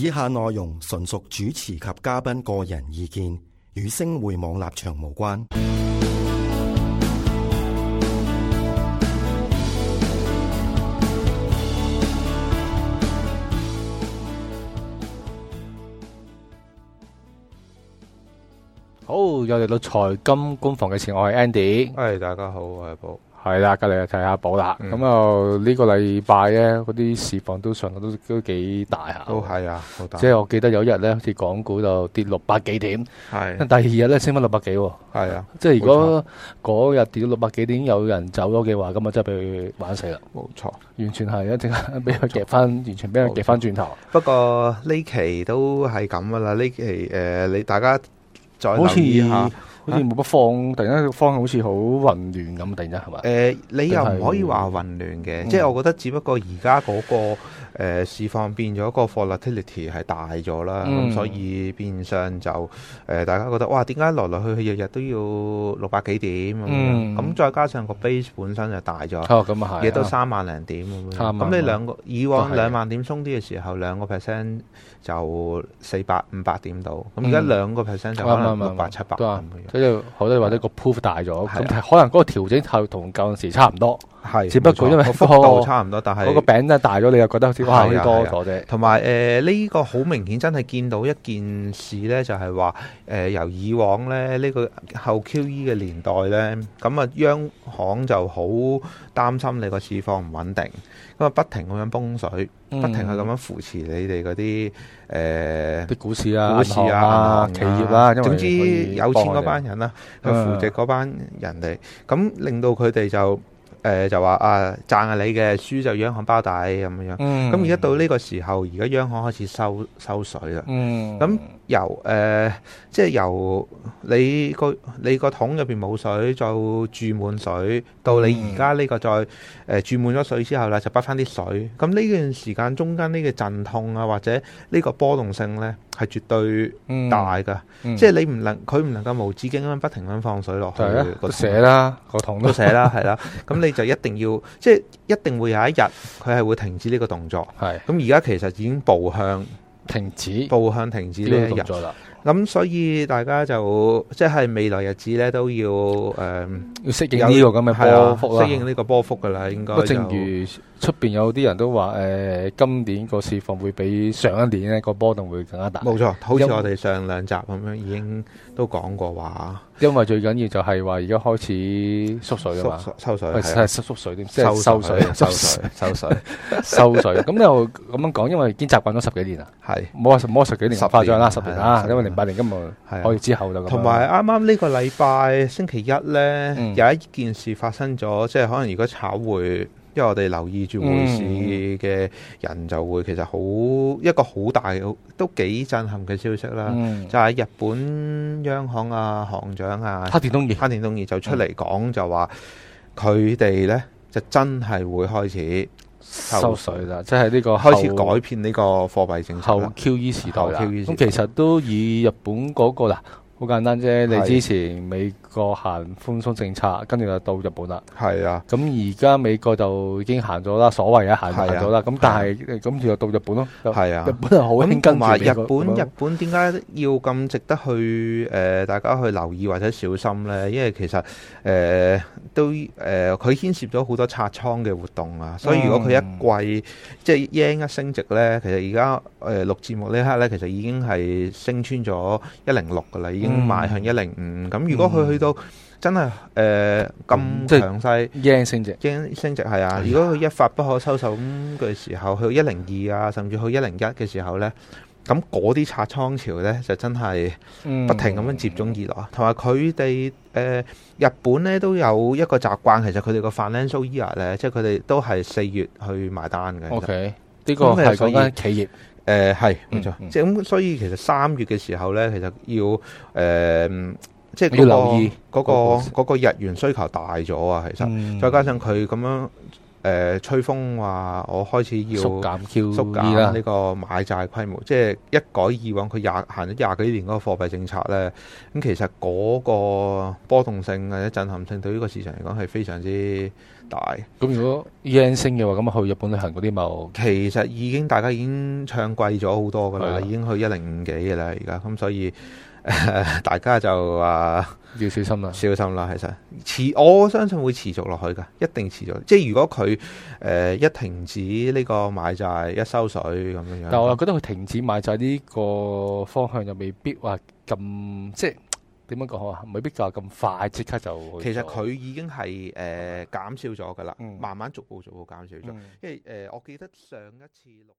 以下內容純屬主持及嘉賓個人意見，與星匯網立場無關。好，又嚟到財金工房嘅前，我係 Andy，係、hey, 大家好，我係寶。係啦，隔籬又睇下寶達。咁、嗯、啊、呢、嗯呢個禮拜咧，嗰啲市況都上到都幾大下。都係啊，即係、就是、我記得有一日咧，好似港股就跌六百幾點。係。但第二日咧，升翻六百幾。係啊。即係如果嗰日跌到六百幾點，有人走咗嘅話，咁啊，即係俾佢玩死啦。冇錯，完全係一即係俾佢夾翻，完全俾佢夾翻轉頭。不過呢期都係咁噶啦，呢期誒、呃，你大家再留意好似冇乜放，突然間個方向好似好混亂咁，突然間係嘛？誒、呃，你又唔可以話混亂嘅、嗯，即係我覺得，只不過而家嗰個誒市況變咗個 volatility 係大咗啦，咁、嗯、所以變相就誒、呃、大家覺得哇，點解來來去去日日都要六百幾點？咁、嗯、再加上個 base 本身就大咗，亦、哦、咁、嗯、都三萬零點咁咁、哦嗯、你兩個、嗯、以往兩萬、嗯、點鬆啲嘅時候，兩個 percent 就四百五百點到，咁而家兩個 percent 就可能六百七百咁樣。嗯 600, 700，嗯好多或者個 poof 大咗，咁可能嗰個調整係同舊陣時差唔多。係，只不過因為幅度差唔多，但係嗰個餅咧大咗，你又覺得好似多咗啫，啊。同埋誒，呢、啊呃這個好明顯真係見到一件事咧，就係話誒，由以往咧呢、這個後 QE 嘅年代咧，咁啊央行就好擔心你個市況唔穩定，咁啊不停咁樣泵水，嗯，不停去咁樣扶持你哋嗰啲誒啲股市啊，股市啊，啊啊企業啦，啊，總之有錢嗰班人啦，啊，去，嗯、扶植嗰班人哋，啊，咁令到佢哋就。誒、呃，就話啊賺係你嘅，輸就央行包底咁樣。咁而家到呢個時候，而家央行開始收收水啦。咁、嗯嗯由誒，即係由你個你個桶入邊冇水，就注滿水，到你而家呢個再誒注滿咗水之後咧，就補翻啲水。咁呢段時間中間呢個陣痛啊，或者呢個波動性咧，係絕對大嘅。即係你唔能，佢唔能夠無止境咁樣不停咁放水落去個寫啦個桶都寫啦，係啦。咁你就一定要即係一定會有一日佢係會停止呢個動作。係，咁而家其實已經步向。停止，步向停止呢個動作啦。咁所以大家就即係、就是、未來日子咧，都要誒、呃，要適應呢個咁嘅波幅適、啊、應呢個波幅噶啦、嗯，應該。正如出邊有啲人都話，誒、呃，今年個市況會比上一年咧個波動會更加大。冇錯，好似我哋上兩集咁樣，已經都講過話。因為最緊要就係話而家開始縮水啊嘛，收水係縮水，即、哎、係收、就係、收水，收水收水收水。咁 又咁樣講，因為已經習慣咗十幾年啦。係，唔好話唔好話十幾年咁誇張啦，十幾年啦，因為零八年金融可以之後就咁。同埋啱啱呢個禮拜星期一咧，有一件事發生咗，即係可能如果炒匯。即係我哋留意住匯市嘅人就會，其實好一個好大的、都幾震撼嘅消息啦。就係、是、日本央行啊，行長啊，黑田東彥，黑田東彥就出嚟講就話，佢哋呢，就真係會開始收，收水啦，即係呢個開始改變呢個貨幣政策，後 QE 時代啦。咁其實都以日本嗰個啦。好簡單啫，你之前美國行寬鬆政策，跟住就到日本啦。係啊，咁而家美國就已經行咗啦，所謂嘅行咗啦。咁、啊、但係咁、啊、就到日本咯。係啊，日本又好先跟住。咁同埋日本，日本點解要咁值得去、呃、大家去留意或者小心咧？因為其實誒、呃、都誒佢、呃、牽涉咗好多拆倉嘅活動啊，所以如果佢一季，嗯、即係一升值咧，其實而家錄節目呢一刻咧，其實已經係升穿咗一零六噶啦，已經賣、嗯、向一零五咁，如果佢去到真係咁強勢，驚升值，驚升值係啊！如果佢一發不可收拾咁嘅時候，去到一零二啊，甚至去一零一嘅時候呢，咁嗰啲拆倉潮呢，就真係不停咁樣接踵而來。同埋佢哋誒日本呢，都有一個習慣，其實佢哋個 financial year 呢，即係佢哋都係四月去埋單嘅。OK，呢個係講啲企業。誒、呃、係，冇錯，即係咁，所以其實三月嘅時候咧，其實要誒，即、呃、係、即係嗰個、要留意嗰、嗰個嗰個嗰個日元需求大咗啊，其實，嗯、再加上佢咁樣。誒、呃，吹風話我開始要縮減 QE 啦，呢個買債規模，啊、即係一改以往佢廿行咗廿幾年嗰個貨幣政策咧。咁、嗯、其實嗰個波動性或者震撼性對呢個市場嚟講係非常之大。咁、嗯、如果 yen 升嘅話，咁去日本旅行嗰啲冇？其實已經大家已經唱貴咗好多噶啦，已經去一零五幾嘅啦，而家咁所以。 大家就啊要小心啦，小心啦，其實持我相信會持續落去噶，一定持續。即係如果佢誒、呃、一停止呢個買債，一收水咁樣樣，但我又覺得佢停止買債呢個方向又未必話咁，即係點樣講啊？未必麼就係咁快即刻就。其實佢已經係誒減少咗噶啦，嗯、慢慢逐步逐步減少咗。嗯、因為誒、呃，我記得上一次六。